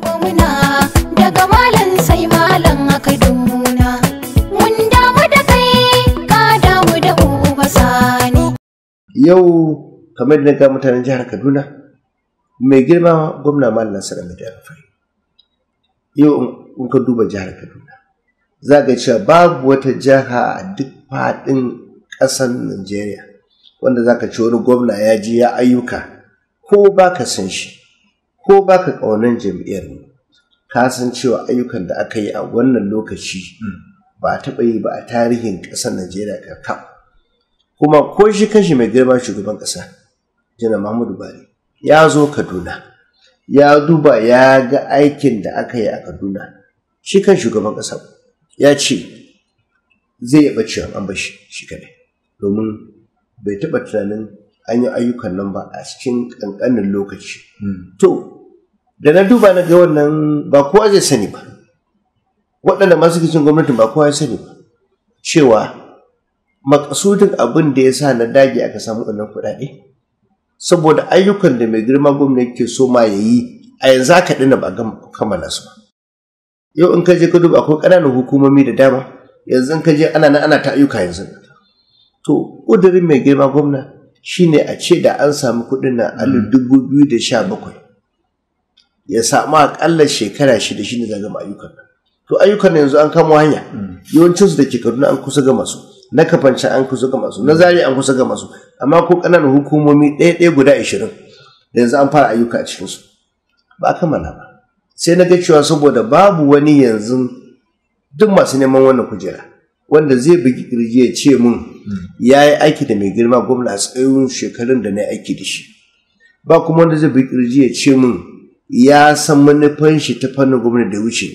daga yau kamar da ga mutanen jihar Kaduna mai girma gwamna malam da jihar fari. yau in ka duba jihar Kaduna za ga cewa babu wata jiha a duk faɗin ƙasar Najeriya wanda za ka ci wani gwamna ya ji ya ayyuka ko ba ka san shi ko baka ƙaunar jam'iyyar mu ka san cewa ayyukan da aka yi a wannan lokaci ba a taɓa yi ba a tarihin ƙasar Najeriya karka. kuma ko shi kanshi mai girma shugaban ƙasa jana Mahmudu bari ya zo Kaduna ya duba ya ga aikin da aka yi a Kaduna shi kan shugaban ƙasa ya ce zai yaba cewa an bashi shi kaɗai domin bai taɓa tunanin an yi ayyukan nan ba a cikin ƙanƙanin lokaci. Hmm. To, da na duba na ga wannan ba kowa zai sani ba waɗanda masu kicin gwamnatin ba kowa ya sani ba cewa makasudin abin da ya sa na dage aka samu wannan kuɗaɗe saboda ayyukan da mai girma gwamnati ke so ma ya yi a yanzu aka ɗina ba kammala su ba yau in ka je ka duba akwai ƙananan hukumomi da dama yanzu in ka je ana nan ana ta ayyuka yanzu to ƙudurin mai girma gwamna shine a ce da an samu kuɗin na alif dubu biyu da sha bakwai ya samu akalla shekara shida shi za gama ayyukan to ayyukan yanzu an kama hanya mm. yawancin su da ke kaduna an kusa gama su na kafance an kusa gama su na zari an kusa gama su amma ko ƙananan hukumomi ɗaya ɗaya guda ashirin yanzu an fara ayyuka a cikin su ba a kammala ba sai na ga cewa saboda babu wani yanzu duk masu neman wannan kujera wanda zai bugi kirji ya ce mun mm. ya yi aiki da mai girma gwamna a tsayin shekarun da na aiki da shi ba kuma wanda zai bugi kirji ya ce mun ya san manufan shi ta fannin gwamnati da wuce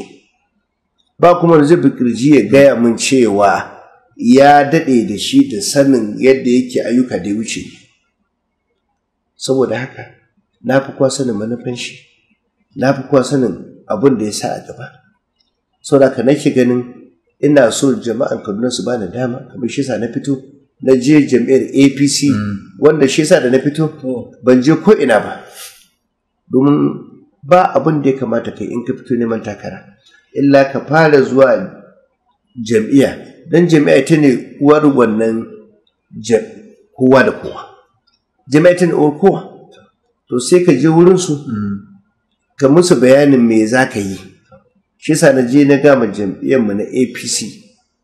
ba kuma zai kirji ya gaya min cewa ya daɗe da shi da sanin yadda yake ayyuka da wuce saboda haka na fi kuwa sanin manufan shi na fi kuwa sanin abin da ya sa a gaba saboda ka nake ganin ina so jama'an kaduna su bani dama kamar shi sa na fito na je jam'iyyar apc mm. wanda shi sa da na fito ban je ko ina ba domin ba abin da ya kamata kai in ka fito neman takara illa ka fara zuwa jam'iyya don jam'iyya ta ne uwar wannan kowa da kowa jam'iyya ta ne uwar kowa to sai ka je wurinsu ka musu bayanin me za ka yi shi sa na je na gama jam'iyyarmu na apc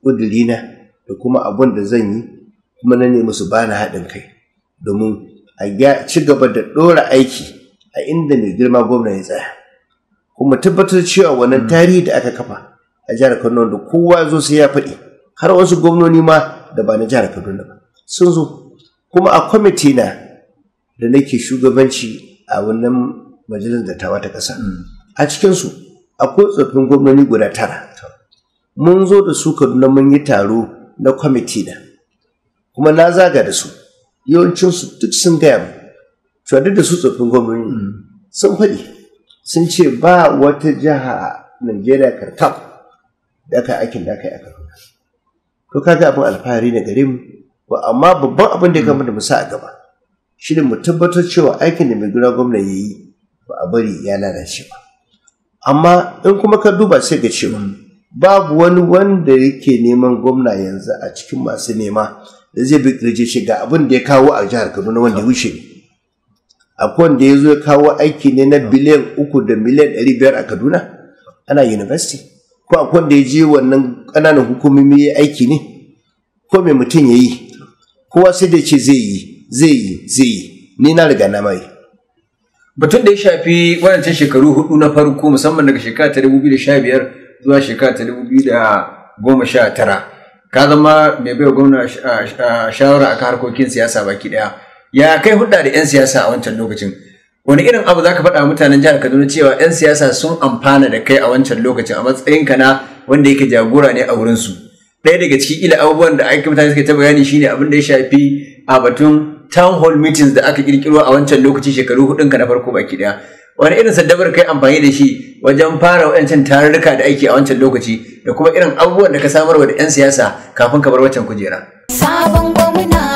ƙudurina da kuma abin da zan yi kuma na nemi su bani haɗin kai domin a ci gaba da ɗora aiki a inda mai girma gwamna ya tsaya kuma tabbatar cewa wannan tarihi da aka kafa a jihar Kaduna da kowa zo sai ya faɗi har wasu gwamnoni ma da ba na jihar Kaduna ba sun zo kuma a kwamiti na da nake shugabanci a wannan majalisar dattawa ta ƙasa a cikinsu akwai tsoffin gwamnoni guda tara mun zo da su Kaduna mun yi taro na kwamiti na kuma na zaga da su yawancinsu duk sun gaya mu to da su tsofin gwamnoni hmm. sun faɗi sun ce ba wata jiha Najeriya kartab da aka aikin da aka yi a Kaduna to kaga abin alfahari na gare mu amma babban abin da ya kamata mu sa a gaba shi mu tabbatar cewa aikin da mai gida gwamna ya yi ba a bari ya lalace ba amma in kuma ka duba sai ga cewa hmm. babu wani wanda yake neman gwamna yanzu a cikin masu nema da zai bi kirje shi ga abin da ya kawo a jihar Kaduna wanda ya wuce ne akwai wanda ya zo ya kawo aiki ne na biliyan uku da miliyan ɗari biyar a kaduna ana university ko akwai wanda ya je wannan ƙananan hukumomi ya aiki ne ko mai mutum ya yi kowa sai da ce zai yi zai yi zai yi ni na riga na mai batun da ya shafi wadancan shekaru hudu na farko musamman daga shekara ta dubu biyu da sha biyar zuwa shekara ta dubu biyu da goma sha tara ka zama mai baiwa gwamna ah, ah, shawara a harkokin siyasa baki daya ya kai hudda da 'yan siyasa a wancan lokacin wani irin abu za ka faɗa mutanen jihar kaduna cewa 'yan siyasa sun amfana da kai a wancan lokacin a matsayinka na wanda yake jagora ne a su? ɗaya daga cikin ila abubuwan da aiki mutane suke ta bayani shine abin da ya shafi a batun town hall meetings da aka kirkiro a wancan lokacin shekaru hudun ka na farko baki daya wani irin saddabar kai amfani da shi wajen fara wa'ancan tarurruka da aiki a wancan lokaci da kuma irin abubuwan da ka samarwa da 'yan siyasa kafin ka bar wancan kujera. Sabon gwamna